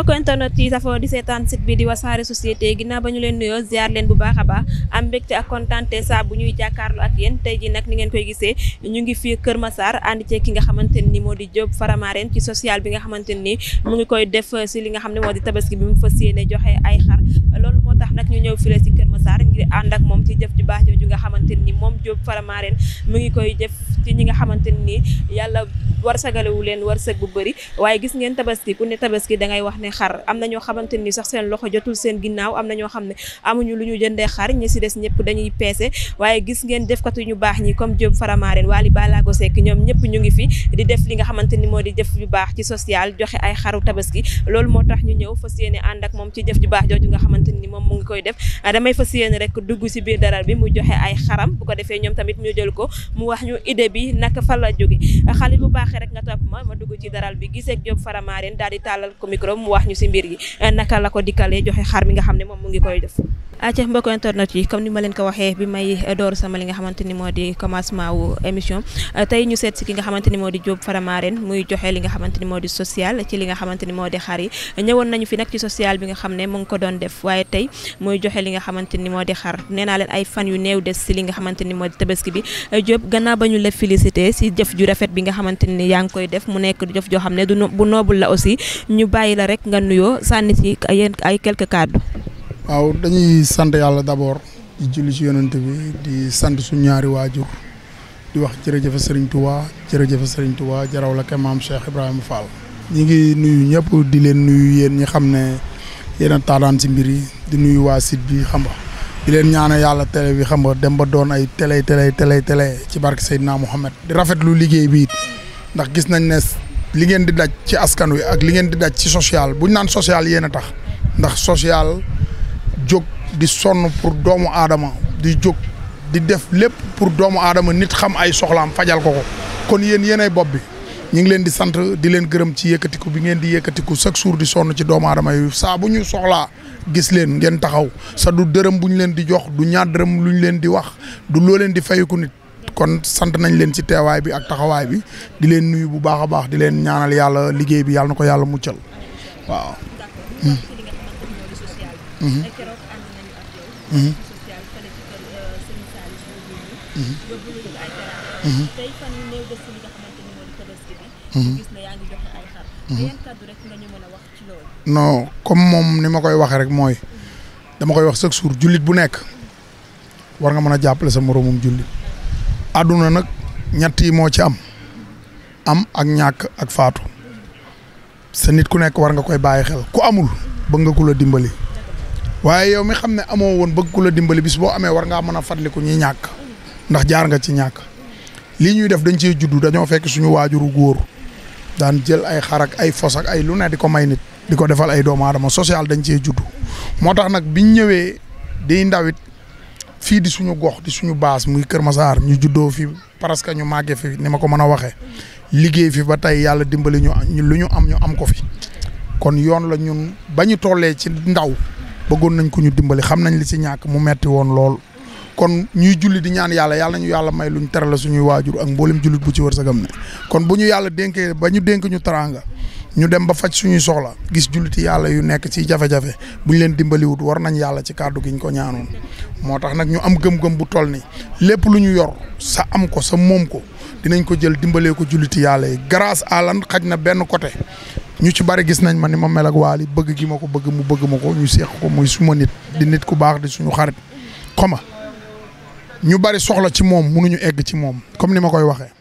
mbokk internet yi safoo di seetaan site bi di wasaare société ginnaaw ba ñu leen nuyoo ziar leen bu baax a baax am mbégte ak kontante saa bu ñuy jàkkaarloo ak yéen tey ji nag ni ngeen koy gisee ñu ngi fii Kër saar ànd ci ki nga xamante ni moo di Diop Faramareen ci social bi nga xamante ni mu def si li nga xam ne di tabaski bi mu fas yéene joxe ay xar loolu moo tax nag ñu ñëw file si Kër Massar ngir ànd moom ci jëf ju baax jooju nga xamante ni moom Diop Faramareen mu ngi koy jëf ci ñi nga xamante ni yàlla warsagalewu leen warsag bu bëri waaye gis ngeen tabaski ku ne tabaski da ngay wax ne xar am na ñoo xamante ni sax seen loxo jotul seen ginnaaw am na ñoo xam ne amuñu lu ñu jëndee xar ñi si des ñëpp dañuy peese waaye gis ngeen defkatu ñu baax ñi comme Diop Faramareen Wally Ballago Seck ñoom ñëpp ñu ngi fi di def li nga xamante ni moo di jëf ju baax ci social joxe ay xaru tabaski loolu moo tax ñu ñëw fas yéene ànd ak moom ci jëf ju baax jooju nga xamante ni moom mu ngi koy def damay fas yéene rek dugg si biir daral bi mu joxe ay xaram bu ko defee ñoom tamit ñu jël ko mu wax ñu idée bi naka fa la jóge xale bu baax baaxee rek nga topp ma ma dugg ci daral bi gisee ak Diop daal di tàllal ko micro mu wax ñu si mbir yi naka la ko dikkalee joxe xar mi nga xam ne moom mu ngi koy def acca ah, mbokk internet yi comme ni ma leen ko waxee bi may eh, door sama li nga xamante ni moo di commencement wu émission eh, tey ñu seet ki nga xamante ni moo di Diop Faramareen muy joxe li nga xamante moo di social ci li nga xamante ni moo di xar yi nañu fi nag ci social bi xam ne mu ngi ko doon def waaye tey muy joxe li nga xamante ni moo di xar nee leen ay fan yu néew des si li nga xamante ni moo di tabaski bi eh, Diop gannaaw ba ñu la félicité si jëf ju rafet bi nga xamante yaa ngi koy def mu nekk jëf joo xam ne du bu noobul la aussi ñu bàyyi la rek nga nuyoo sànni si ay quelque kàddu waaw dañuy sant yàlla d'abord di julli ci yonent bi di sant su ñaari waajur di wax jërëjëf Serigne Touba jërëjëf Serigne Touba jaraw la ke maam Cheikh Ibrahima Fall. ñi ngi nuyu ñëpp di leen nuyu yéen ñi xam ne yéen a taadaan ci mbir yi di nuyu waa site bi xam nga di leen ñaana yàlla tele bi xam nga dem ba doon ay télé télé télé télé ci barke Seydina Mohamed. di rafetlu liggéey bi ndax gis nañ ne li ngeen di daj ci askan wi ak li ngeen di daj ci social bu ñu naan social yéen a tax ndax social. jóg di sonn pour doomu aadama di jóg di def lépp pour doomu aadama nit xam ay soxlaam fajal ko ko kon yéen yéenay bopp bi ñu ngi leen di sant di leen gërëm ci yëkkatiku bi ngeen di yëkkatiku chaque jour di sonn ci doomu aadama yi saa bu ñu soxlaa gis leen ngeen taxaw sax du dërëm bu ñu leen di jox du ñaar dërëm lu ñu leen di wax du loo leen di fayiku nit kon sant nañ leen ci teewaay bi ak taxawaay bi di leen nuyu bu baax a baax di leen ñaanal yàlla liggéey bi yàlla na ko yàlla muccal waaw. Hmm. Hmm. social fële comme moom ni ma koy waxee rek mooy. dama koy wax chaque jour jullit bu nekk. war nga mën a jàppale sa moromum jullit. àdduna nag ñett yi moo ci am. am ak ñàkk ak faatu. sa nit ku nekk war nga koy bàyyi xel ku amul bëgg nga ku dimbali. waaye yow mi xam ne amoo woon bëgg ku la dimbali bis boo amee war ngaa mën a fàttaliku ñi ñàkk ndax jaar nga ci ñàkk lii ñuy def dañ ciy juddu dañoo fekk suñu waajuru góor daan jël ay xarak ay fos ak ay lu ne di ko may nit di ko defal ay doomu aadama social dañ cee juddu moo tax nag biñ ñëwee di ndawit fii di suñu gox di suñu baas muy Kër ma saar ñu juddoo fi presque ñu màggee fi ni ma ko mën a waxee liggéey fi ba tey yàlla dimbali ñu lu ñu am ñu am ko fi kon yoon la ñun ba tollee ci ndaw bëggoon nañ ko ñu dimbali xam nañ li si ñàkk mu metti woon lool kon ñuy julli di ñaan yàlla yàlla ñu yàlla may luñ terale suñuy waajur ak mboolem jullit bu ci war wërsëgam ne kon bu ñu yàlla dénkee ba ñu dénk ñu teraanga ñu dem ba faj suñuy soxla gis julliti yàlla yu nekk ci jafe-jafe bu ñu leen dimbaliwut war nañ yàlla ci kàddu gi ñu ko ñaanoon moo tax nag ñu am gëm-gëm bu toll ni lépp lu ñu yor sa am ko sa moom ko dinañ ko jël dimbalee ko julliti yàlla yi grâce à lan xaj na benn côté ñu ci bari gis nañ ma ni ma mel ak bëgg gi ma ko bëgg mu bëgg ma ko ñu seex ko muy suma nit di nit ku baax di suñu xarit xam ñu bari soxla ci moom mu ñu egg ci moom comme ni ma koy waxee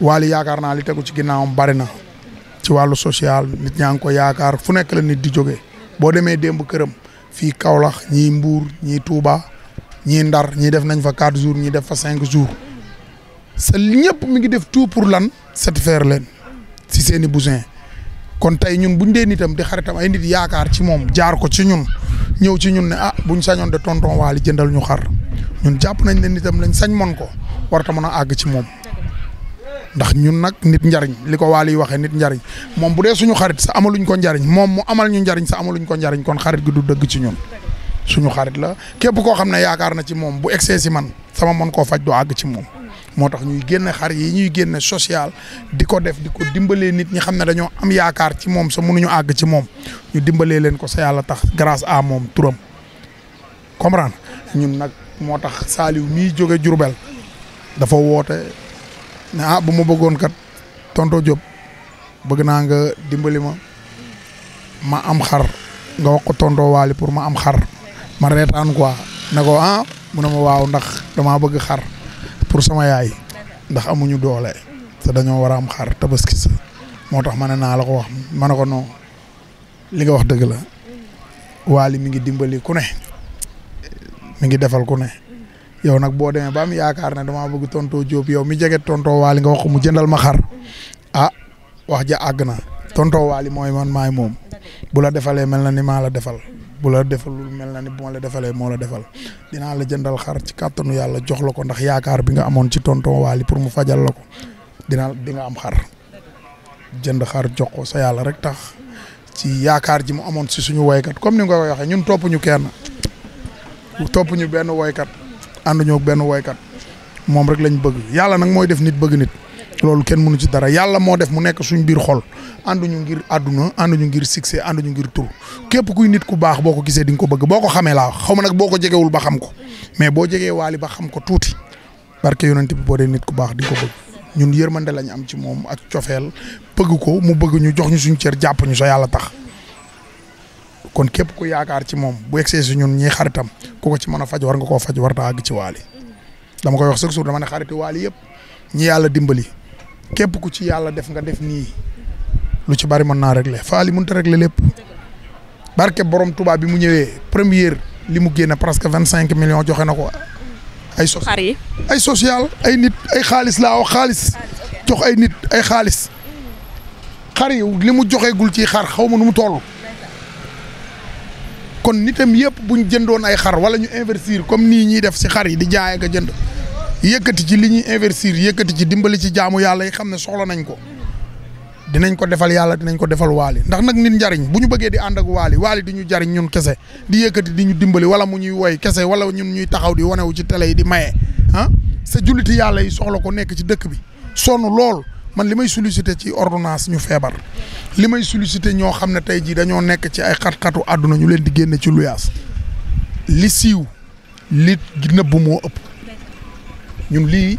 Wally yaakaar naa li tegu ci ginnaawam bari na ci wàllu social nit ñaa ko yaakaar fu nekk la nit di jógee boo demee démb këram fii kawlax ñii mbuur ñii Touba ñii Ndar ñii def nañ fa quatre jours ñii def fa cinq jours sa ñëpp mi ngi def tout pour lan satisfaire leen si seen i besoin kon tey ñun bu ñu dee nitam di xaritam ay nit yaakaar ci moom jaar ko ci ñun ñëw ci ñun ne ah buñ sañoon de tonton Waly jëndal ñu xar ñun jàpp nañ ne nitam lañ sañ mën ko warta mën a àgg ci moom ndax ñun nag nit njariñ li ko Waly waxee nit njariñ moom bu dee suñu xarit sa amaluñ ko njariñ moom mu amal ñu njariñ sa amaluñ ko njariñ kon xarit gi du dëgg ci ñun suñu xarit la képp koo xam ne yaakaar na ci moom bu excès yi man sama mën koo faj du àgg ci moom moo tax ñuy génn xar yi ñuy génn social di ko def di ko dimbalee nit ñi xam ne dañoo am yaakaar ci moom sa mënuñu àgg ci moom ñu dimbalee leen ko sa yàlla tax grâce à moom turam comprendre ñun nag moo tax Saliou muy jóge Jurbel dafa woote ne ah, bu ma bëggoon kat tonto Diop bëgg naa nga dimbali ma ma am xar nga wax ko tonto pour ma am xar ma reetaan quoi ne ko ah mu ne ma waaw ndax damaa bëgg xar pour sama yaay ndax amuñu doole te dañoo war a am xar tabaski moo tax ma ne naa la ko wax ma ne ko non li nga wax dëgg la waali mi ngi dimbali ku ne mi ngi defal ku ne yow nag boo demee ba am yaakaar na dama bëgg tontoo Jóob yow mi jege tontoo waali nga wax mu jëndal ma xar ah wax ja àgg na tontoo waali mooy man maay moom bu la defalee mel na ni maa la defal bu la defalul mel na ni bu ma la defalee moo la defal dinaa la jëndal xar ci kàttanu yàlla jox la ko ndax yaakaar bi nga amoon ci tonton Waly pour mu fajal la ko dinaa di nga am xar jënd xar jox ko sa yàlla rek tax ci yaakaar ji mu amoon si suñu woykat comme ni nga ko waxee ñun topp ñu kenn topp ñu benn woykat ànduñoo benn woykat moom rek lañ bëgg yàlla nag mooy def nit bëgg nit. loolu kenn mënu ci dara yàlla moo def mu nekk suñ biir xol ànduñu ngir àdduna ànduñu ngir succès ñu ngir tur képp kuy nit ku baax boo ko gisee di ko bëgg boo ko xamee laa xaw ma nag boo ko jegewul ba xam ko mais boo jegee waali xam ko tuuti barke yonent bi boo dee nit ku baax di ko bëgg ñun yërmande lañ am ci moom ak cofeel bëgg ko mu bëgg ñu jox ñu suñ cër jàpp ñu sa yàlla tax kon képp ku yaakaar ci moom bu egsee si ñun ñii xaritam ku ko ci mën a faj war nga koo faj war taa àgg ci waali dama koy wax chaque jour dama ne xariti waali yëpp ñi yàlla dimbali képp ku ci yàlla def nga def nii lu ci bari mën naa régler Faly mënut a régler lépp barke borom tubaab bi mu ñëwee première li mu génne presque vingt cinq millions joxe na ko ay so ay social ay nit ay xaalis laa wax xaalis jox ay nit ay xaalis xar yi li mu joxeegul ci xar xaw ma nu mu toll kon nitam yëpp buñ jëndoon ay xar wala ñu investir comme nii ñuy def si xar yi di jaay ak jënd yëkkati ci li ñuy investir yëkkati ci dimbali ci jaamu yàlla yi xam ne soxla nañ ko dinañ ko defal yàlla dinañ ko defal waali ndax nag nit njariñ bu ñu bëggee di ànd ak waali waali di ñu jariñ ñun kese di yëkkati di ñu dimbali wala mu ñuy woy kese wala ñun ñuy taxaw di wanewu ci tele yi di maye ah sa julliti yàlla yi soxla ko nekk ci dëkk bi sonn lool man li may sollicité ci ordonnance ñu feebar li may sollicité ñoo xam ne tey jii dañoo nekk ci ay xat àdduna ñu leen di génne ci luyaas li siiw li nëbb moo ëpp ñun lii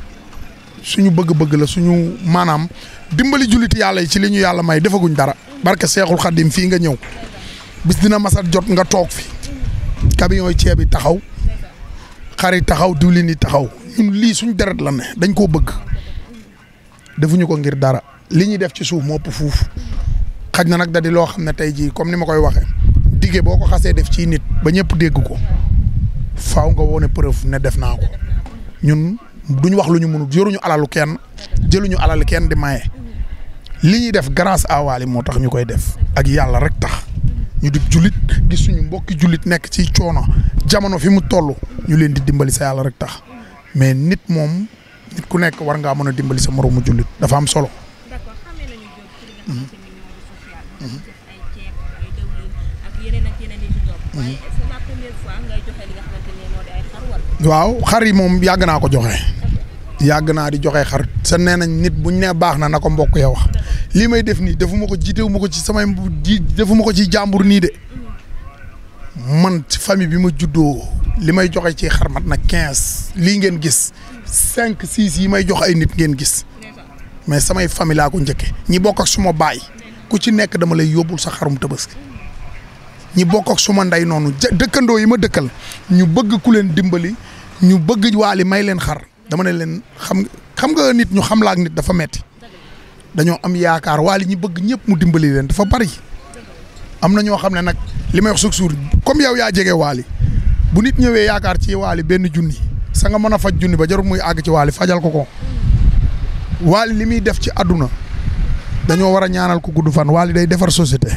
suñu bëgg-bëgg la suñu maanaam dimbali julliti yàlla yi ci li ñu yàlla may defaguñ dara barke seexul xaddim fii nga ñëw bis dina masat jot nga toog fi camion ceeb yi taxaw xar yi taxaw diwlin yi taxaw ñun lii suñ deret la me dañ koo bëgg defuñu ko ngir dara li ñuy def ci suuf moo ëpp fuuf xaj na nag da loo xam ne tey jii comme ni ma koy waxee dige boo ko xasee def ci nit ba ñëpp dégg ko faw nga woone preuve ne def naa ko duñ wax lu ñu mënut yoruñu alalu kenn jëluñu alal kenn di maye li ñuy def grâce à moo tax ñu koy def ak yàlla rek tax ñu di jullit gis mbokki jullit nekk ci coono jamono fi mu toll ñu leen di dimbali sa yàlla rek tax mais nit moom nit ku nekk war ngaa mën a dimbali sa moroomu jullit dafa am solo. waaw xar yi moom yàgg naa ko joxe. yàgg naa di joxe xar sa nee nañ nit buñ nee baax na na ko mbokk ya lii may def nii defu ma ko jiitewu ma ko ci samay ji defu ko ci jàmbur nii de man ci famille bi ma juddoo li may joxe ci xar mat na quinze lii ngeen gis cinq six yi may jox ay nit ngeen gis mais samay famille laa ko njëkke ñi bokk ak suma baay ku ci nekk dama lay yóbbul sa xarum tabaski ñi bokk ak suma ndey noonu dëkkandoo yi ma dëkkal ñu bëgg ku leen dimbali ñu bëgg waali may leen xar dama ne leen xam xam nga nit ñu xam la ak nit dafa metti dañoo am yaakaar waali ñi bëgg ñëpp mu dimbali leen dafa bari am na ñoo xam ne nag li may wax suuf suur comme yow yaa jege waali bu nit ñëwee yaakaar ci waali benn junni sa nga mën a faj junni ba jarul muy àgg ci waali fajal ko ko waali li muy def ci àdduna dañoo war a ñaanal ko gudd fan waali day defar société.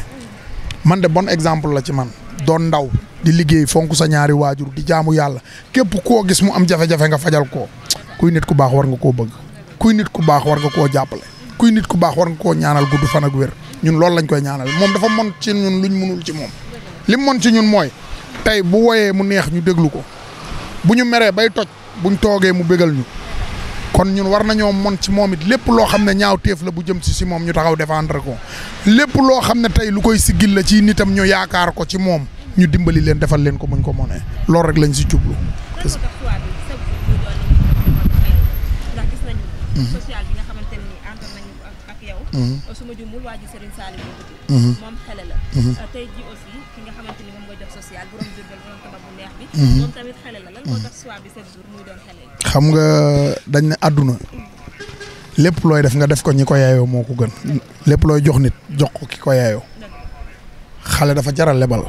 man de bon exemple la ci man doon ndaw di liggéey fonk sa ñaari waajur di jaamu yàlla képp koo gis mu am jafe-jafe nga fajal ko kuy nit ku baax war nga koo bëgg kuy nit ku baax war nga koo jàppale kuy nit ku baax war nga koo ñaanal gudd fan ak wér ñun loolu lañ koy ñaanal moom dafa mën ci ñun luñ mënul ci moom lim mën ci ñun mooy tey bu woyee mu neex ñu déglu ko bu ñu meree bay toj ñu toogee mu bégal ñu kon ñun war nañoo mon ci moom it lépp loo xam ne ñaaw téef la bu jëm si si moom ñu taxaw défendre ko lépp loo xam ne tey lu koy siggil la ci nitam ñu yaakaar ko ci moom ñu dimbali leen defal leen ko muñ ko mënee loolu rek lañ si euh, euh, mhm. euh, moom xele mhm. la. xam nga dañ ne àdduna lépp looy def nga def ko ñi ko yaayoo moo ko gën lépp looy jox nit jox ko ki ko yaayoo xale dafa jaral lebal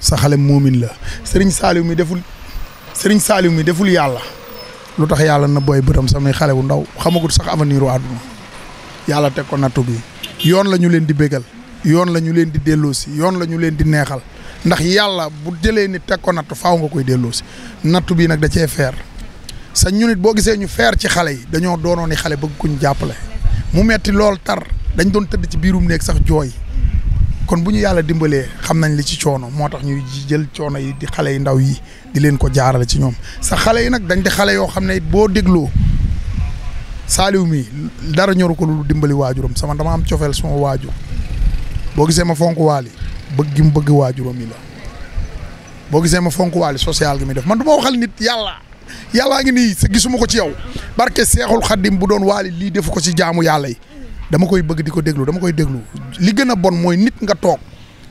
sa xale moomin la sëriñ Saaliw mi deful sëriñ Saaliw mi deful yàlla lu tax yàlla na booy bëtam samay xale wu ndaw xamagut sax avenir u àdduna yàlla teg ko nattu bi yoon la ñu leen di bégal yoon la ñu leen di delloosi yoon la ñu leen di neexal ndax yàlla bu jëlee nit teg ko nattu faaw nga koy delloosi nattu bii nag da cee feer sa ñun it boo gisee ñu feer ci xale yi dañoo doonoon ni xale bëgg kuñ jàppale mu metti lool tar dañ doon tëdd ci biirum néeg sax jooy kon bu ñu yàlla dimbalee xam nañ li ci coono moo tax ñuy jël coono yi di xale yi ndaw yi di leen ko jaarale ci ñoom sax xale yi nag dañ di xale yoo xam ne it boo dégloo saaliw mi dara ñoru ko lu dimbali waajuram sama dama am cofeel suma waajur boo gisee ma fonk waali bëgg gi mu bëgg waajuram yi la boo gisee ma fonk waali social gi muy def man du ma waxal nit yàlla yàllaa ngi nii sa gisuma ko ci yow barke seexul xaddim bu doon waali lii defu ko ci jaamu yàlla yi dama koy bëgg di ko déglu dama koy déglu li gën a bon mooy nit nga toog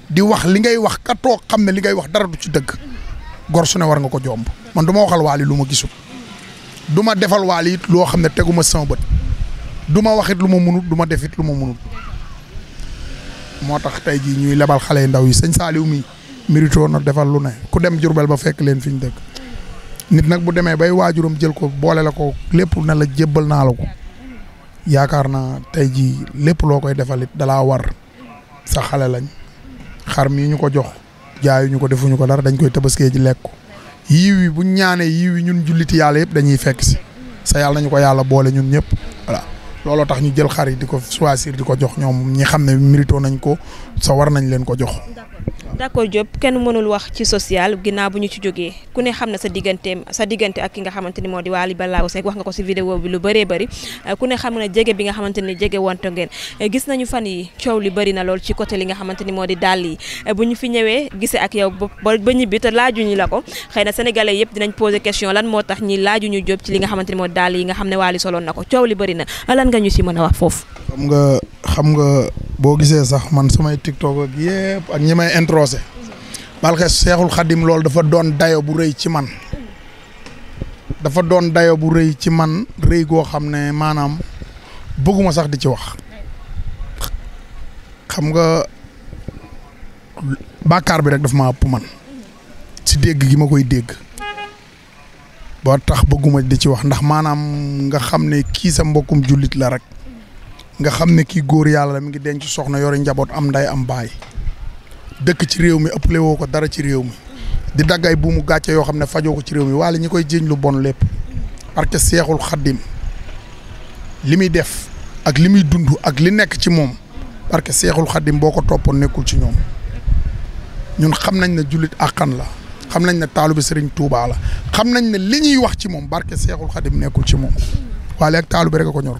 di wax li ngay wax ka toog xam ne li ngay wax dara du ci dëgg gor su ne war nga ko jomb man du waxal waali lu ma gisul du ma defal waali it loo xam ne teguma sama bët du ma waxit lu ma munut duma ma defit lu ma munut moo tax tey jii ñuy lebal xale yu ndaw yi sëñ Saaliw mi mérito na defal lu ne ku dem Jurbel ba fekk leen fi ñu dëkk nit nag bu demee bay waajuram jël ko boole la ko lépp na la jébbal naa la ko yaakaar na tey jii lépp loo koy defalit dalaa war sa xale lañ xar mii ñu ko jox jaayuñu ko defuñu ko dara dañ koy tabaskee ji lekk ko yiw yi buñ ñaanee yiw yi ñun julliti yàlla yëpp dañuy fekk si sa yàlla nañu ko yàlla boole ñun ñëpp voilà looloo tax ñu jël xar yi di ko choisir di ko jox ñoom ñi xam ne mérito nañ ko sa war nañ leen ko jox d'accord Diop kenn mënul wax ci social ginnaaw bu ñu ci jógee ku ne xam na sa digganteem sa diggante ak ki nga xamante ni moo di Wally Ballago Seck wax nga ko si vidéo bi lu bëree bëri euh, ku ne xam na jege bi nga xamante ni euh, nañu fan yi coow li bëri na lool ci côté li nga xamante ni moo di dàll yi euh, bu ñu fi ñëwee gisee ak yaw ba ba ñibbi te laajuñu la ko xay na sénégalais yëpp dinañ poser question lan moo tax ñi laajuñu Diop ci li nga xamante ni moo di dàll yi nga xam ne Wally soloon na ko coow li bëri na lan nga ñu si a wax foofu xam nga xam nga boo gisee roose barke seexul xadim loolu dafa doon dayo bu rëy ci man dafa doon dayo bu rëy ci man rëy goo xam ne maanaam bëgguma sax di ci wax xam nga bàkkaar bi rek daf ma app man si dégg gi ma koy dégg boo tax bëgguma di ci wax ndax maanaam nga xam ne kii sa mbokkum jullit la rek nga xam ne kii góor yàlla la mi ngi denc soxna yore njaboot am nday am baay dëkk ci réew mi ëppale woo ko dara ci réew mi di dagg ay buumu gàcce yoo xam ne fajoo ko ci réew mi waale ñi koy jiiñ lu bon lépp parce que seexul xaddim li muy def ak li muy dund ak li nekk ci moom parce que seexul xaddim boo ko toppoon nekkul ci ñoom ñun xam nañ ne jullit àqan la xam nañ ne taalu bi sëriñ Touba la xam nañ ne li ñuy wax ci moom barke seexul xadim nekkul ci moom waale ak taalu bi rekk ko ñor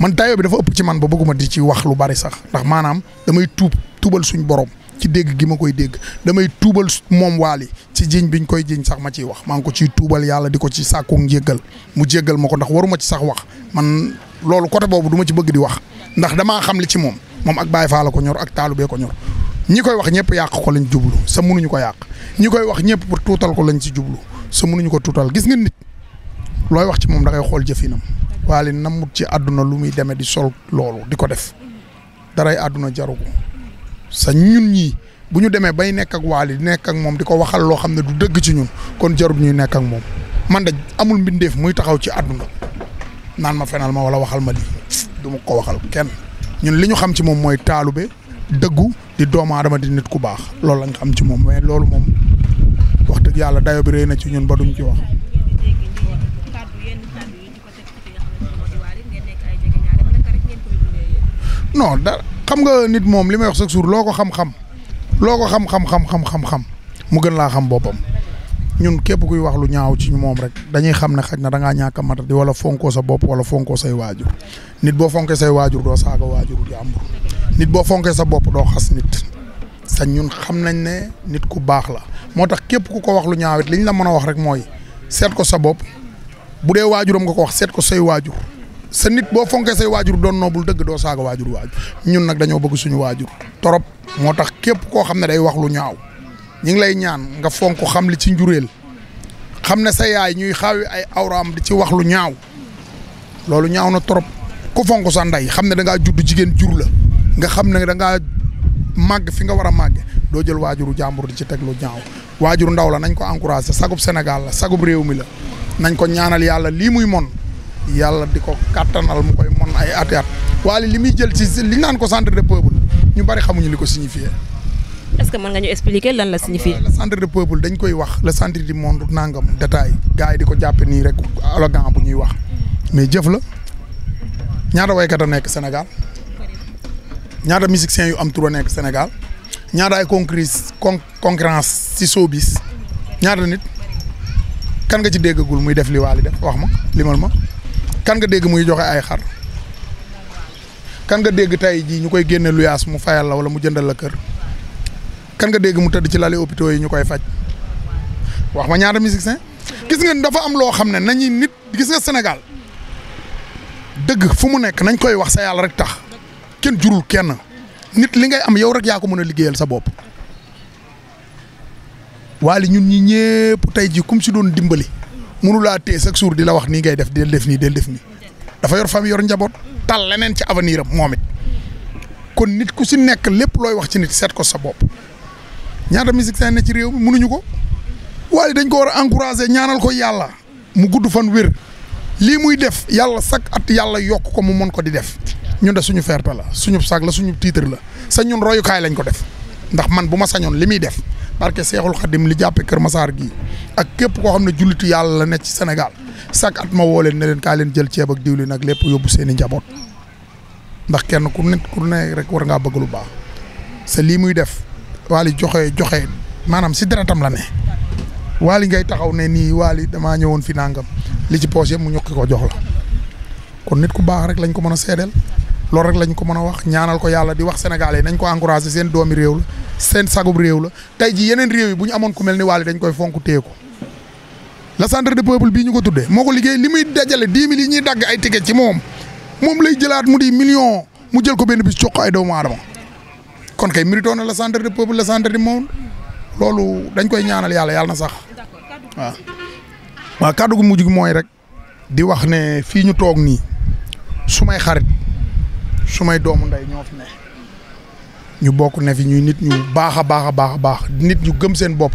man dayoo bi dafa ëpp ci man ba bëgguma di ci wax lu bari sax ndax maanaam damay tuub tuubal suñ borom ci dégg gi ma koy dégg damay tuubal moom waali ci jiiñ bi ñu koy jiiñ sax ma ciy wax maa ngi ko ciy tuubal yàlla di ko ci sàkku njéggal mu jéggal ma ko ndax waruma ci sax wax man loolu côté boobu du ci bëgg di wax ndax damaa xam li ci moom moom ak Baye Fall ko ñor ak taalu bee ko ñor ñi koy wax ñëpp yàq ko lañ jublu sa mënuñu ko yàq ñi koy wax ñëpp pour tuutal ko lañ ci jublu sa mënuñu ko tuutal gis nga nit looy wax ci moom da xool jëfinam waali namut ci àdduna lu muy demee di sol loolu di ko def daray àdduna jarugo sa ñun ñii bu ñu demee bay nekk ak Wally di nekk ak moom di ko waxal loo xam ne du dëgg ci ñun kon jarul ñuy nekk ak moom man da amul mbindeef muy taxaw ci àdduna naan ma fenal ma walla waxal ma di du ma ko waxal kenn ñun li ñu xam ci moom mooy taalube dëggu di doomaadama aadama di nit ku baax loolu lañ xam ci moom mais loolu moom wax dëgg yàlla dayo bi rëy na ci ñun ba duñ ci wax. xam nga nit moom li may wax sa jour loo ko xam-xam loo ko xam-xam xam xam xam mu gën laa xam boppam ñun képp kuy wax lu ñaaw ci moom rek dañuy xam ne xaj na da ngaa ñàkk a mat di wala fonkoo sa bopp wala fonkoo say waajur nit boo fonke say waajur doo saaga waajur di am nit boo fonkee sa bopp doo xas nit sa ñun xam nañ ne nit ku baax la moo tax képp ku ko wax lu ñaawit liñ la mën a wax rek mooy seet ko sa bopp bu dee waajuram nga ko wax seet ko say waajur sa nit boo fonkee say waajur doon noobul dëgg doo saaga waajur waajur ñun nag dañoo bëgg suñu waajur trop moo tax képp koo xam ne day wax lu ñaaw ñu ngi lay ñaan nga fonk xam li ci njureel xam ne sa yaay ñuy xaawi ay awraam di ci wax lu ñaaw loolu ñaaw na trop ku fonk sa ndey xam ne da ngaa judd jigéen jur la nga xam ne da ngaa màgg fi nga war a màgge doo jël waajuru jàmbur di ci teg lu ñaaw waajur ndaw la nañ ko encouragé sagub Sénégal la sagub réew mi la nañ ko ñaanal yàlla lii muy mon yàlla di ko kàttanal mu koy mon ay ati at waali li muy jël ci li naan ko centre de peuple ñu bari xamuñu li ko signifié. est que mën nga ñu expliquer lan la signifié. le centre de peuple dañ koy wax le centre du monde nangam détail gars yi di ko jàppe nii rek arrogant bu ñuy wax mais jëf la ñaata waykat a nekk Sénégal ñaata musiciens yu am tur a nekk Sénégal ñaata ay concurrence concurrence ci showbiz ñaata nit kan nga ci déggagul muy def li waali def wax ma limal ma kan nga dégg muy joxe ay xar kan nga dégg tey jii ñu koy génne luyaas mu fayal la wala mu jëndal la kër kan nga dégg mu tëdd ci lali hôpitaux yi ñu koy faj wax ma ñaata musicien gis ngeen dafa am loo xam ne nañuy nit gis nga Sénégal dëgg fu mu nekk nañ koy wax sa yàlla rek tax kenn jurul kenn nit li ngay am yow rek yaa ko mën a liggéeyal sa bopp. waali ñun ñi ñëpp tey jii kum si doon dimbali. mënulaa téye chaque jour di la wax nii ngay def del def nii del def nii dafa yor famille yor njaboot tal leneen ci avenir am moom kon nit ku si nekk lépp looy wax ci nit seet ko sa bopp ñaata musicien ne ci réew mi mënuñu ko waaye dañ ko war a encourager ñaanal ko yàlla mu gudd fan wér lii muy def yàlla chaque at yàlla yokk ko mu mën ko di def ñun de suñu fierté la suñu sag la suñu titre la sa ñun royukaay lañ ko def ndax man bu ma sañoon li muy def barke Seexul Xadim li jàppe Kër Masaar gi ak képp koo xam ne jullitu yàlla la nekk ci Sénégal chaque at ma woo leen ne leen kaa leen jël ceeb ak diwlin ak lépp yóbbu seeni i njaboot ndax kenn ku ne ku ne rek war ngaa bëgg lu baax sa lii muy def waali joxe joxe maanaam si deretam la ne waali ngay taxaw ne nii waali damaa ñëwoon fi nangam li ci poos mu ñokki ko jox la kon nit ku baax rek lañ ko mën a seedeel loolu rek lañ ko mën a wax ñaanal ko yàlla di wax sénégalais nañ ko encouragé seen doomi réew la seen sagub réew la tey ji yeneen réew yi bu ñu amoon ku mel ni Wally dañ koy fonk téye ko la centre de peuple bii ñu ko tuddee moo ko liggéey li muy dajale dix mille yi ñuy dagg ay ticket ci moom moom lay jëlaat mu di million mu jël ko benn bis jox ko ay doomu aadama kon kay méritoon na la centre de peuple la centre de monde loolu dañ koy ñaanal yàlla yàlla na sax waaw. waaw kàddu gu mujj mooy rek di wax ne fii ñu toog nii su may xarit su doomu ndey ñoo fi ñu bokk ne fi ñuy nit ñu baax a baax a baax a baax nit ñu gëm seen bopp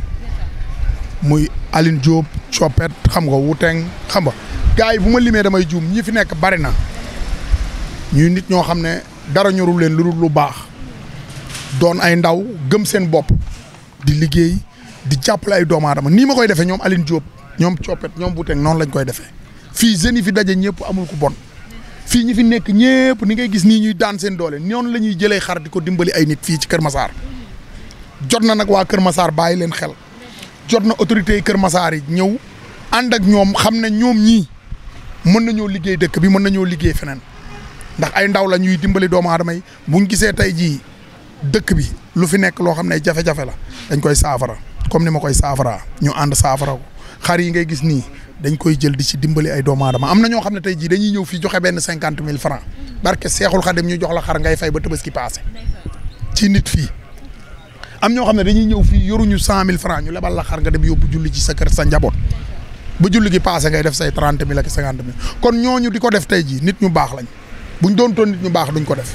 muy Aline Diop coppet xam nga Wuteng xam nga gars bu ma limee damay juum ñi fi nekk bari na ñuy nit ñoo xam ne dara ñorul leen lu dul lu baax doon ay ndaw gëm seen bopp di liggéey di jàppale ay doomu aadama nii ma koy defee ñoom alin Diop ñoom coppet ñoom Wuteng noonu lañ koy defee fii jeunes yi fi daje ñëpp amul ku bon. fii ñi fi nekk ñëpp ni ngay gis nii ñuy daan seen doole noonu la ñuy jëlee xar di ko dimbali ay nit fii ci Kër masaar jot na nag waa Kër masaar bàyyi leen xel jot na autorités Kër masaar yi ñëw ànd ak ñoom xam ne ñoom ñii mën nañoo liggéey dëkk bi mën nañoo liggéey feneen ndax ay ndaw la ñuy dimbali doomu aadama bu buñ gisee tey jii dëkk bi lu fi nekk loo xam ne jafe-jafe la dañ koy saafara comme ni ma koy saafara ñu ànd saafara ko xar yi ngay gis nii dañ koy jël di ci dimbali ay doomaadama am na ñoo xam ne tey jii dañuy ñëw fii joxe benn cinquante mille franc barke Seexul Xadim ñu jox la xar ngay fay ba ki passé ci nit fii am ñoo xam ne dañuy ñëw fii yoruñu cent mille franc ñu lebal la xar nga dem yóbbu julli ci sa kër sa njaboot ba julli gi passé ngay def say trente mille ak cinquante mille kon ñooñu di ko def tey jii nit ñu baax lañ ñu doon toon nit ñu baax duñ ko def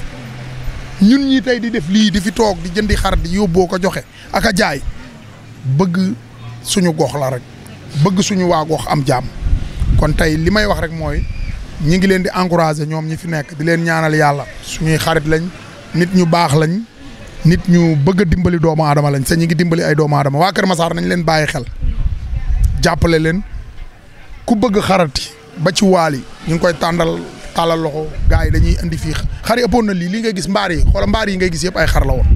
ñun ñi tey di def lii di fi toog di jëndi xar di yóbboo ko joxe ak a jaay bëgg suñu gox la rek bëgg suñu waa gox am jàmm kon tey li may wax rek mooy ñi ngi leen di encourager ñoom ñi fi nekk di leen ñaanal yàlla suñuy xarit lañ nit ñu baax lañ nit ñu bëgg dimbali doomu aadama lañ sa ñi ngi dimbali ay doomu aadama waa Kër Massar nañ leen bàyyi xel jàppale leen ku bëgg xarati ba ci waal yi ñu ngi koy tàndal tàllal loxo gars yi dañuy indi fii xar yi na lii lii ngay gis mbaar yi xoola mbaar yi ngay gis yëpp ay xar la woon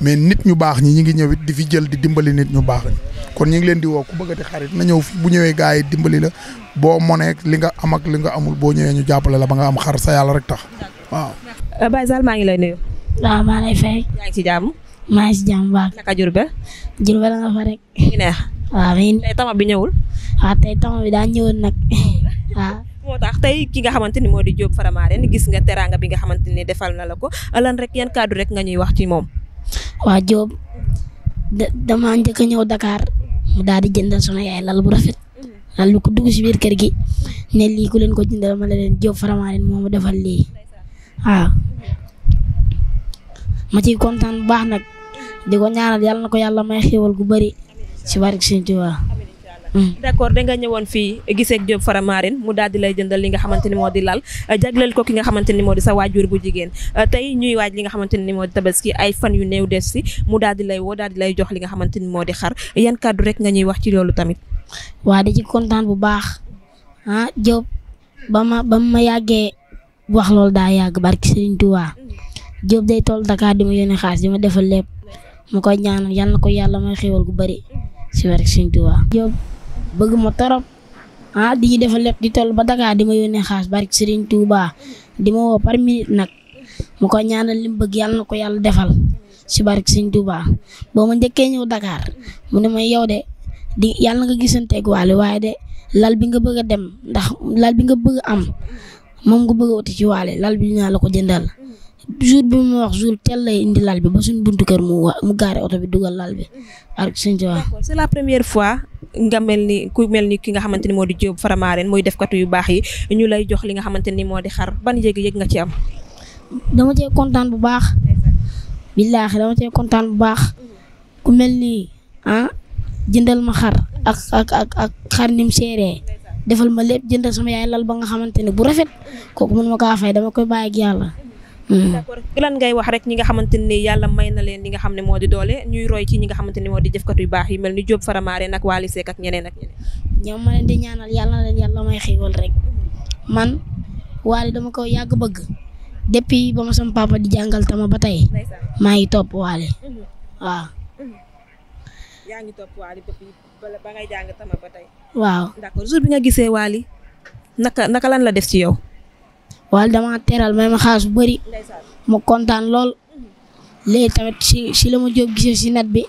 mais nit ñu baax ñi ñi ngi ñëw it di fi jël di dimbali nit ñu baax ñi kon ñu ngi leen di woo bëgga bëggati xarit na ñëw bu ñëwee gars yi dimbali la boo monee li nga am ak li nga amul boo ñëwee ñu jàppale la ba nga am xar sa yàlla rek tax waaw. Euh, Baye maa ngi lay nuyu. maa lay fay. yaa ci jàmm. maa ngi ci jàmm baax. naka Diourbel. Diourbel nga neex. waaw bi ñëwul. waaw tey tama bi daa ñëwul nag waaw. moo tax tey ki nga xamante ni moo di Diop Faramareen gis nga teraanga bi nga xamante ni defal na la ko lan rek yan kàddu rek nga ñuy wax ci moom waa Diop damaa njëkk a ñëw dakaar mu daal di jëndal sama yaay lal bu rafet lal bu ko dugg si biir kër gi ne lii ku leen ko jëndal ma la leen Diop Faramareen moo ma defal lii waaw ma ciy kontaan baax nag di ko ñaanal yàlla na ko yàlla may xéwal gu bari si barke Sëñ Tuubaa Mm. d' accord da nga ñëwoon fii giseeg Diop Faramareen mu daal di lay jëndal li nga xamante ni moo di lal euh, jagleel ko ki nga xamante ni moo di sa waajur bu jigéen euh, tey ñuy waaj li nga xamante ni moo di tabaski ay fan yu néew des si mu daal di lay woo di lay jox li nga xamante ni moo di xar yan kàddu rek nga ñuy wax ci loolu tamit waa da ci kontaan bu baax ah Diop ba ma ba ma yàggee wax loolu daa yàgg barki Sëriñ Tuubaa Diop day toll Dakar di ma yónnee xaalis di ma defal lépp mu koy ñaanal yal na ko yàlla ma xéwal gu bari si barki Sëriñ Tuubaa Diop bëgg ma torop ah di def lépp di toll ba Dakar di ma yónnee xaas barke Serigne Touba di ma woo par minute nag mu ko ñaanal li bëgg yàlla na ko yàlla defal si barke Serigne Touba boo ma njëkkee ñëw dakaar mu ne ma yow de di yàlla nga gisanteeg waale waaye de lal bi nga bëgg dem ndax lal bi nga bëgg am moom nga bëgg a wuti lal bi dinaa ko jëndal jour bi mu wax jour teel indi lal bi ba suñ buntu kër mu mu gaare oto bi dugal lal bi la première fois. nga mel ni ku mel ni ki nga xamante ni moo di Jóob Faramareen def defkatu yu baax yi ñu lay jox li nga xamante ni moo di xar ban yëg-yëg nga ci am. dama cee kontaan bu baax. billaahi dama cee kontaan bu baax. ku mel ni ah jëndal ma xar ak ak ak ak xar ni mu defal ma lépp jëndal sama yaay lal ba nga xamante ne bu rafet kooku mën ma kaa fay dama koy bàyyi ak yàlla. Mm. d'accord lan ngay wax rek ñi nga xamante ni yàlla may na leen li nga xam ne moo di doole ñuy roy ci ñi nga xamante ni moo di jëfkat yu baax yi mel ni Diop Faramaare nag Wally Seck ak ñeneen ñoom ma leen di ñaanal yàlla na leen yàlla may xéewal rek man Wally dama ko yàgg bëgg depuis ba ma sama di jàngal tama ba tey maa ngi topp Wally mm-hmm. waaw mm-hmm. ngi topp Wally depuis ba ngay ba tey waaw d'accord jour bi nga gisee Wally naka naka lan la def ci yow waa dama teral may ma xaalis bu bëri mu kontaan lool léegi tamit si si la ma Jóob gisee si net bi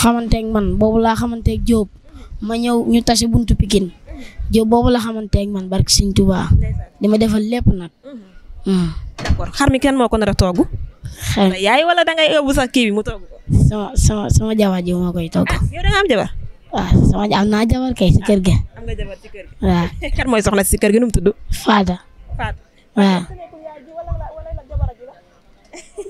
xamanteeg man boobu laa xamanteeg Jóob ma ñëw ñu tase buntu Pikine Jóob boobu la xamanteeg man barki Sëñ Tuubaa di ma defal lépp nag. Mm-hmm. Mm. d'accord xar mi kenn moo ko nar a togg. xar yaay wala dangay yóbbu sax kii bi mu togg sama sama sama jabar ji moo koy togg. Ah, yow da nga am ah, sama naa jabar kay si kër gi. Ah, am nga jabar ci mooy soxna si kër gi nu tudd. Fada. waaw.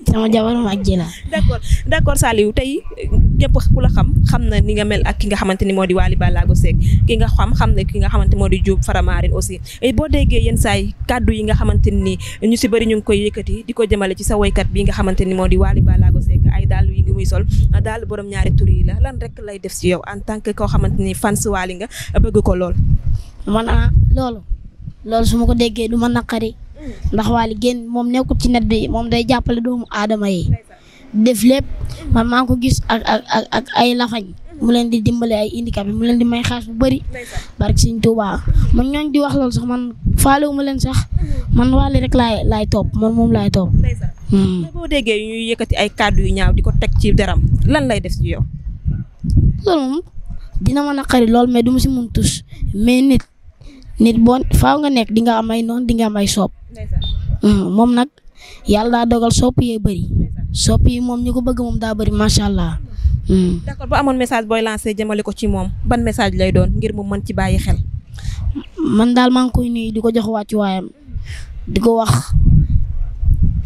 sama jabar ma ak ji la. d'accord d'accord Saliou tey ñëpp ku la xam xam na ni nga mel ak ki nga xamante ni moo di Waly Ballago Seck ki nga xam xam na ki nga xamante moo di Diop Faramareen aussi boo déggee yenn saay kàddu yi nga xamante ni ñu si bari ñu ngi koy yëkkati di ko jëmale ci sa woykat bi nga xamante ni moo di Waly Ballago Seck ay dàll yi nga muy sol dàll borom ñaari tur yi la lan rek lay def si yow en tant que koo xamante ni fans Waly nga bëgg ko lool. man ah, loolu. loolu su ma ko déggee du naqari. ndax Wally génn moom nekkul ci net bi moom day jàppale doomu aadama yi def lépp man maa ngi ko gis ak ak ak ak ay lafañ mu leen di dimbale ay handicapé mu leen di may xaas bu bari bëri barke Sëñ Tuubaa man ñooñ di wax loolu sax man faalewu ma leen sax man Wally rek laay laay topp man moom laay topp. Hmm. boo déggee ñuy yëkkati ay kàddu yu ñaaw di ko teg ci daram lan lay def ci yow. loolu dina mën a xari lool mais du ma si mun tus mais nit. nit boo faaw nga nekk dinga nga am ay noon di nga am ay mm, moom nag yàlla daa dogal sopp yee bëri sopp yi moom ñu ko bëgg moom daa bari macha allah. Mm. d'accord bu amoon message booy lancé jëmale ko ci moom ban message lay doon ngir mu man ci bàyyi xel. man daal maa ngi koy nuyu di ko jox wàccuwaayam di ko wax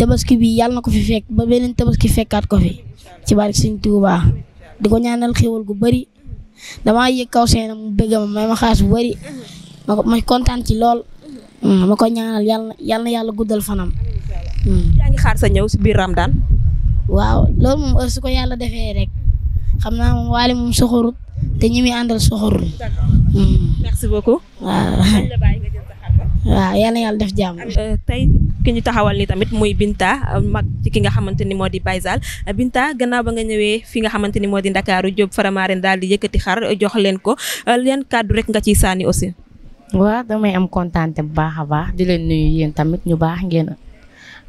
tabaski bi yàlla na ko fi fekk ba beneen tabaski fekkaat ko fi ci barke Sëñ Tuubaa di ko ñaanal xéwal gu bëri damaa yëg kaw seen mu bëgg ma may ma xaas bu bëri ma ko ma kontaan ci lool. Mm, ma ko ñaanal yal na yàlla guddal fanam. Mm. yaa ngi xaar sa ñëw si biir Ramadan. waaw loolu moom heure su ko yàlla defee rek xam naa moom waale moom soxorut te ñi muy àndal soxorul. Mm. merci beaucoup. waaw yal na yàlla def jàmm. Euh, tey ki ñu taxawal ni tamit muy Binta euh, mag ci ki nga xamante ni moo di Baye Zale euh, Binta gannaaw ba nga ñëwee fi nga xamante ni moo di Ndakaaru Diop Faramareen daal di yëkkati xar jox leen ko leen kàddu rek nga ciy sànni aussi. waaw damay am kontaante bu baax a baax di leen nuyu yéen tamit ñu baax ngeen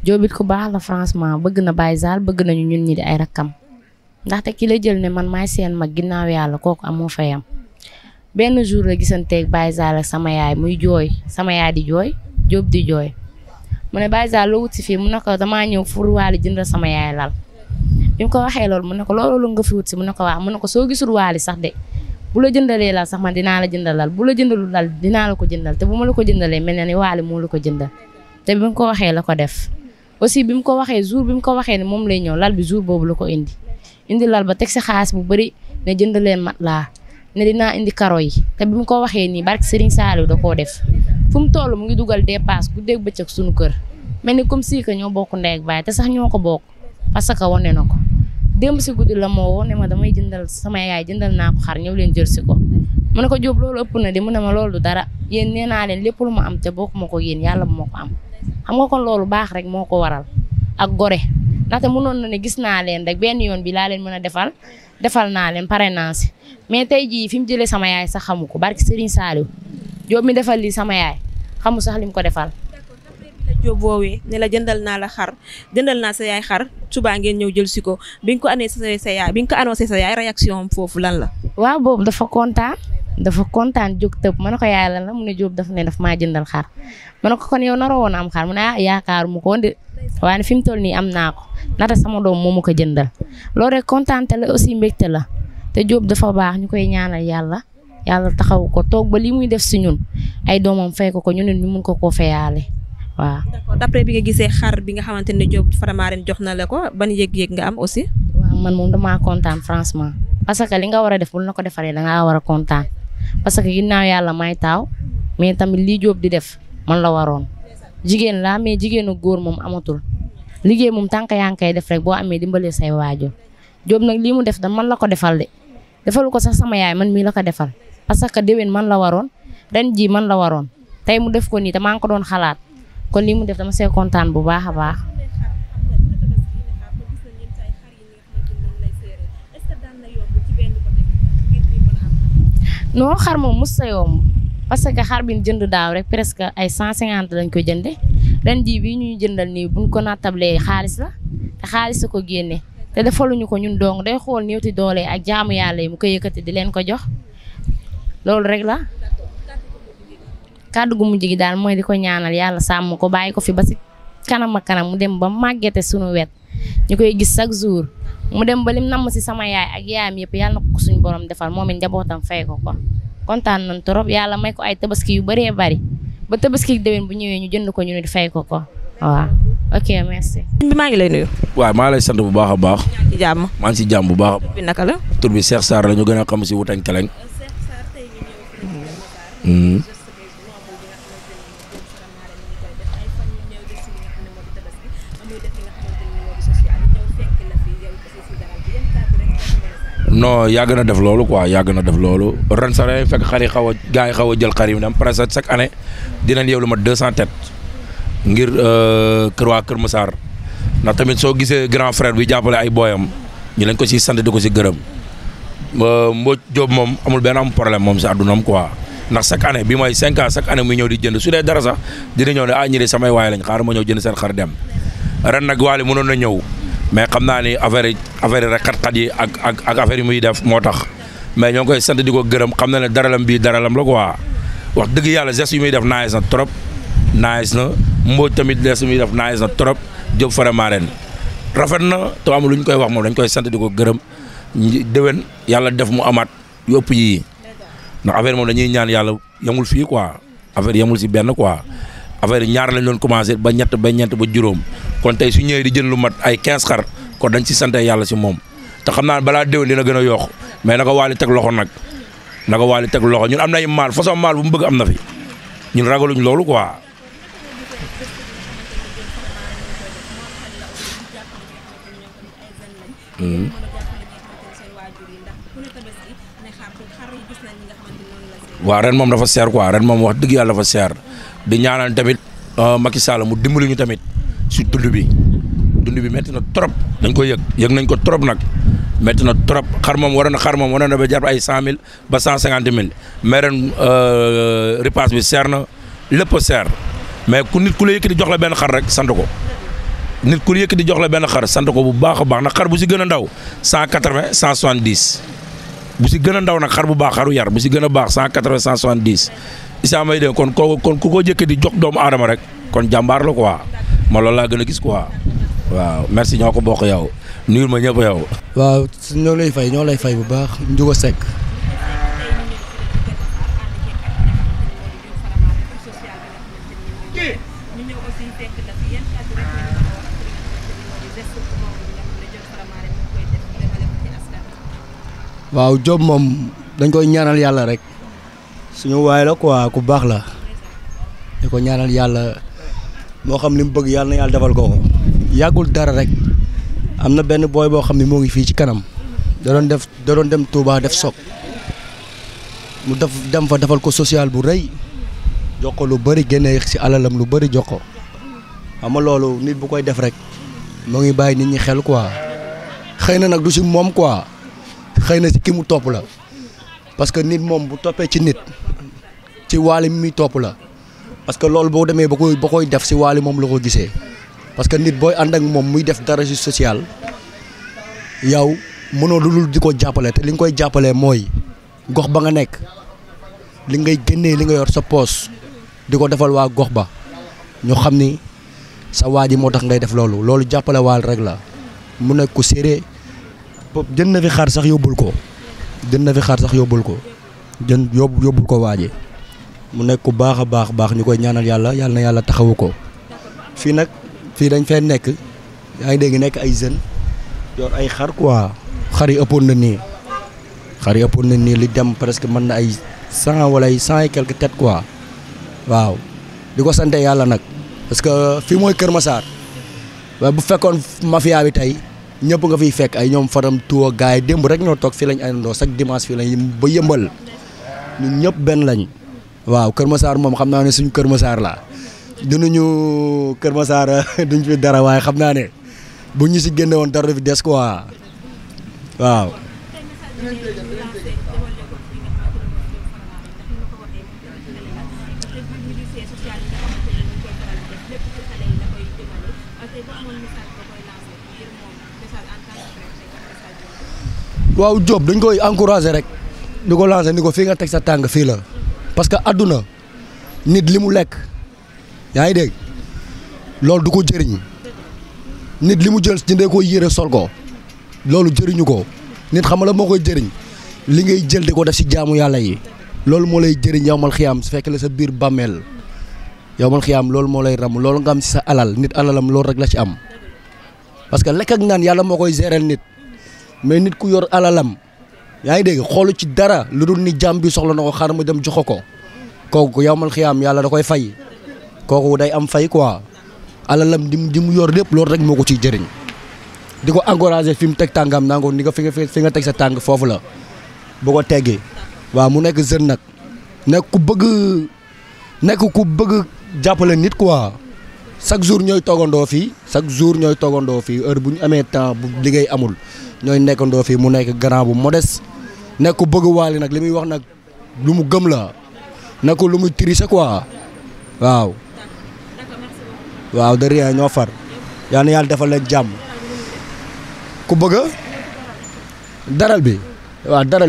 joobit ku baax la francement bëgg na Baye Zale bëgg nañu ñun ñi di ay rakkam ndaxte ki la jël ne man maay seen mag ginnaaw yàlla kooku amoo fayam benn jour la gisanteeg Baye Zale sama yaay muy jooy sama yaay di jooy Jóob di jooy mu ne Baye Zale loo wut si fii mu ne ko damaa ñëw pour Wally jënd sama yaay lal bi mu ko waxee loolu mu ne ko loolu nga fi wut mu ne ko waaw mu ne ko soo sax de bu la jëndalee lal sax man dinaa la jëndal lal bu la jëndalul lal dinaa la ko jëndal te bu ma la ko jëndalee mel na ni waale moo la ko jëndal te bi mu ko waxee la ko def aussi bi mu ko waxee jour bi mu ko waxee ne moom lay ñëw lal bi jour boobu ko indi indi lal ba teg si xaalis bu bëri ne jëndalee mat laa ne dinaa indi karo yi te bi mu ko waxee nii barke Serigne Saliou da koo def fu mu toll mu ngi dugal dépasse guddeeg bëccëg suñu kër mel ni comme si que ñoo bokk ndey ak baay te sax ñoo ko bokk parce que wane na ko démb si guddi la moo woo ma damay jëndal sama yaay jëndal naa ko xar ñëw leen jël si ko mu ne ko Diop loolu ëpp na di mu ne ma loolu du dara yéen nee naa leen lépp lu ma am te bokk ma ko yéen yàlla bu ma am xam nga kon loolu baax rek moo ko waral ak gore ndaxte mënoon na ne gis naa leen rek benn yoon bi laa leen mën a defal defal naa leen pare naa si mais tey jii fi mu jëlee sama yaay sax xamu ko barki Serigne Saliou Diop mi defal lii sama yaay xamu sax li ko defal Diop woowee ne la jëndal naa la xar jëndal naa sa yaay xar subaa ngeen ñëw jël si ko bi nga ko annoncé sa yaay bi nga ko annoncé sa yaay foofu lan la. waaw boobu dafa kontaan dafa kontaan jóg tëb ma ko yaay lan la mu ne Diop daf ne dafa maa jëndal xar ma ne ko kon yow am xar mu ne ah ko woon fi mu toll nii am naa ko nata sama doom moo ma ko jëndal loolu rek kontaan la aussi mbégte la te jóob dafa baax ñu koy ñaanal yàlla. yàlla taxaw ko toog ba lii muy def si ñun ay doomam fay ko ko ñu ne ñu mun ko koo feyaale waaw. d'accord bi nga gisee xar bi nga xamante ne Diop Faramareen jox na la ko ban yëg-yëg nga am aussi. waaw man moom damaa kontaan franchement parce que li nga war a def bu la ko defaree da ngaa war a kontaan parce que ginnaaw yàlla may taaw mais tamit lii Diop di def man la waroon jigéen laa mais jigéenu góor moom amatul liggéey moom tànk yaa ngi koy def rek amee dimbale say waajur Diop nag lii mu def da man la ko defal de defalu ko sax sama yaay man mii la ko defal parce que déwén man la waroon ren jii man la waroon tey mu def ko nii te maa ko doon xalaat kon li mu def dama see bu baax a baax. noo xar moom mos sa yomb parce que xar bi jënd daaw rek presque ay cent cinquante lañ ko jënde ren jii bii ñuy jëndal nii buñ ko nattablee xaalis la te xaalis a ko génne te defaluñu ko ñun dong day xool néewti doolee ak jaamu yàlla yi mu ko yëkkati di leen ko jox loolu rek la. kàddu gu mujj gi daal mooy di ko ñaanal yàlla sàmm ko bàyyi ko fi ba si kanam kanam mu dem ba màggete suñu wet ñu koy gis chaque jour mu dem ba lim namm si sama yaay ak yaayam yëpp yàlla na ko suñu borom defal moom it njabootam fay ko ko kontaan nañ trop yàlla may ko ay tabaski yu baree bari ba tabaski déwén bu ñëwee ñu jënd ko ñu ne di fay ko ko waaw ok merci. bi maa ngi lay nuyu. waaw maa lay sant bu baax a baax. ci jàmm maa ngi si jàmm bu baax a baax. naka la. tur bi la ñu gën a xam si Wutañ Keleng. non yàgg na def loolu quoi yàgg na def loolu ren sax dañuy fekk xar xaw a yi xaw a jël xar yi dem presque chaque année dinañ yeew lu ma deux cent têtes ngir euh, kër waa Kër Massar ndax tamit soo gisee grand frère bi jàppale ay booyam ñu lañ ko si sant di ko si gërëm Mbodj joob moom amul benn am problème moom si àddunaam quoi ndax chaque bi mooy cinq ans chaque muy ñëw di jënd su dee dara sax dina ñëw ne ah ñi de samay waay lañ xaar ma ñëw jënd seen xar dem ren nag waale mënoon na ñëw mais xam naa ni affaire affaire rek xat-xat yi ak ak ak affaire yi def moo tax mais ñoo ngi koy sant di ko gërëm xam na ne daralam bii daralam la quoi wax dëgg yàlla gestes yi muy def nice na trop nice na Mbodj tamit gestes yi muy def nice na trop Diop vraiment ren rafet na te amul lu ñu koy wax moom dañ koy sant di ko gërëm déwén yàlla def mu amaat yu ëpp yii ndax affaire moom dañuy ñaan yàlla yamul fii quoi affaire yamul si benn quoi. affaire yi ñaar lañ doon commencé ba ñett ba ñeent ba juróom kon tey su ñëwee di jën lu mat ay 15 xar kon dañ ci sant yàlla si moom te xam naa balaa déwén dina gën a yokk mais na ko waali teg loxo nag na ko waali teg loxo ñun am na ay maal façon maal bu mu bëgg am na fi ñun ragaluñ loolu quoi. Mm. waaw ren moom dafa seer ko ren moom wax dëgg yàlla dafa seer di ñaanal tamit euh, Macky Sall mu dimbali ñu tamit si dund bi dund bi métti na trop dañ ko yëg yëg nañ ko trop nag métti na trop xar moom waroon na xar moom waroon na ba jar ay cent mille ba cent cinquante mille mais ren euh, ripaas bi seer na lépp seer mais ku nit ku la di jox la benn xar rek sant ko nit ku la yëkkati jox la benn xar sant ko bu baax a baax nag xar bu si gën a ndaw cent quatre vingt dix bu si gën a ndaw nag xar bu baax xaru yar bu si gën baax cent quatre vingt cent soixante dix Issa Mbaye Dieng kon koo kon ku jëkk di jox doomu aadama rek kon jàmbaar la quoi ma loolu laa gën a gis quoi waaw merci ñoo ko bokk yow nuyul ma ñëpp yow. waaw ñoo lay fay ñoo lay fay bu baax Ndiouga Seck waaw Diop moom dañ koy ñaanal yàlla rek suñu waay la quoi ku baax la di ko ñaanal yàlla moo xam li mu bëgg yàlla na yàlla defal ko yàggul dara rek am na benn booy boo xam ni moo ngi fii ci kanam da doon def da doon dem Touba def soog mu def dem fa defal ko social bu rëy jox ko lu bari génne si alalam lu bari jox ko xam nga loolu nit bu koy def rek moo ngi bàyyi nit ñi xel quoi xëy na nag du si moom quoi. xëy na si ki mu topp la parce que nit moom bu toppee ci nit ci waali mi topp la parce que loolu boo demee ba koy ba koy def si waali moom la ko gisee parce que nit booy ànd ak moom muy def dara si social yow mënoo lu dul di ko jàppale te li nga koy jàppalee mooy gox ba nga nekk li ngay génnee li nga yor sa poos di ko defal waa gox ba ñu xam ni sa waa ji moo tax ngay def loolu loolu jàppale waal rek la mu nekk ku séré jën na fi xar sax yóbbul ko jën na fi xar sax yóbbul ko jën yóbbu yóbbul ko waaje mu nekk ku baax a baax baax ñu koy ñaanal yàlla yàlla na yàlla taxawu ko fii nag fii dañ fee nekk yaa ngi dégg nekk ay jeunes yor ay xar quoi xar yi ëppoon na nii xar yi ëppoon na nii li dem presque mën na ay cent wala ay cent et quelques têtes quoi waaw di ko sante yàlla nag parce que fii mooy Kër Massar waaye bu fekkoon mafia bi tey ñëpp nga fiy fekk ay ñoom faram tuwa gaay démb rek ñoo toog fii lañ àndandoo chaque dimanche fii lañ ba yëmbal ñun ñëpp benn lañ waaw Kër masaar moom xam naa ne suñu Kër Masar la dunuñu Kër Masar duñ fi dara waaye xam naa ne bu ñu si génne woon dara du fi des quoi waaw. waaw Diop dañ koy encouragé rek di ko lancé ni ko fii nga teg sa tàng fii la parce que àdduna nit li mu lekk yaa ngi dégg loolu du ko jëriñ nit li mu jël jëndee ko yére sol ko loolu jëriñu ko nit xam nga la moo koy jëriñ li ngay jël de ko def si jaamu yàlla yi loolu moo lay jëriñ yow mal xiyaam su fekkee la sa biir bàmmeel yow mal xiyaam loolu moo lay ram loolu nga am si sa alal nit alalam loolu rek la ci am parce que lekk ak naan yàlla moo koy gérer nit. mais nit ku yor alalam yaa ngi dégg xoolu ci dara lu dul ni jàmm bi soxla na ko xaaral ma dem jox ko kooku yawmal am yàlla da koy fay kooku day am fay quoi alalam di di mu yor lépp loolu rek moo ko ciy jëriñ di ko encouragé fi mu teg tàngam nango ni nga fi nga fi nga teg sa tàng foofu la bu ko teggee waaw mu nekk jeune nag nekk ku bëgg nekk ku bëgg jàppale nit quoi chaque jour ñooy toogandoo fii chaque jour ñooy toogandoo fii heure bu ñu amee temps bu liggéey amul ñooy nekkandoo fii mu nekk grand bu modeste nekk ku bëgg Wally nag li muy wax nag lu mu gëm la nekkul lu mu tricher quoi waaw. waaw de rien ñoo far yal na yàlla defal leen jàmm ku bëgg daral bi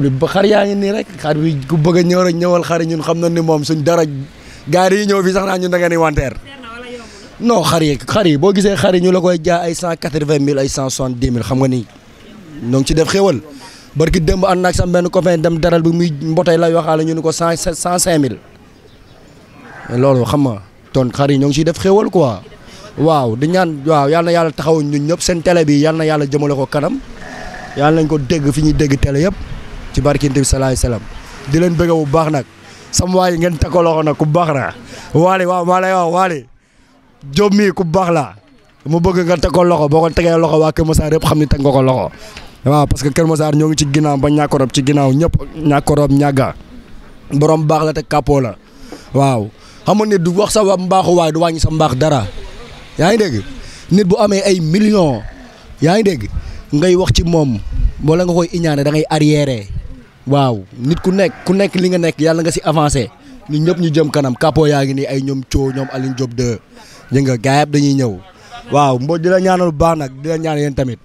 bi ba xar yaa ngi nii rek xar bi ku bëgg a ñëw rek ñëwal xar ñun xam na ni moom suñ dara gaar yi ñëw fii sax naa ñun da nga wanteer non xar boo gisee xar ñu la koy jaay ay cent quatre-vingt mille ay cent soixante-dix xam nga ni ñoo ngi ci def xéwal barki démb ànd naag sama benn copain dem daral bi muy mbotay lay waxaale ñu ne ko cent cent cinq mille loolu xam nga ton xar yi ñoo ngi ciy def xéwal ko waaw di ñaan waaw yàlla yàlla taxaw ñun ñëpp seen télé bi yal na yàlla jëmale ko kanam yàlla nañ ko dégg fi ñuy dégg télé yëpp ci barkinte bi salaay salaam di leen bëgg bu baax nag sama waa yi ngeen takkaloo ko nag ku baax na waale waaw maa waaw waale Diop mii ku baax la mu bëgg nga teg ko loxo boo ko tegee loxo waa Kër Massar yëpp xam ni teg nga ko loxo waaw parce que Kër Massar ñoo ngi ci ginnaaw ba ñàkkorob ci ginnaaw ñëpp baax la te kàppoo la waaw xam nga nit du wax sa mbaaxu waaye du wàññi sa mbaax dara yaa ngi dégg nit bu amee ay millions yaa ngi dégg ngay wax ci moom wala nga koy iñaane da ngay waaw nit ku nekk ku nekk li nga nekk yàlla nga si avancé ñun ñëpp ñu jëm kanam kàppoo yaa ngi nii ay ñoom coo ñoom Alioune Diop de dégg nga gaayab dañuy ñëw waaw mbo di la ñaanal bu baax nag di la ñaan yéen tamit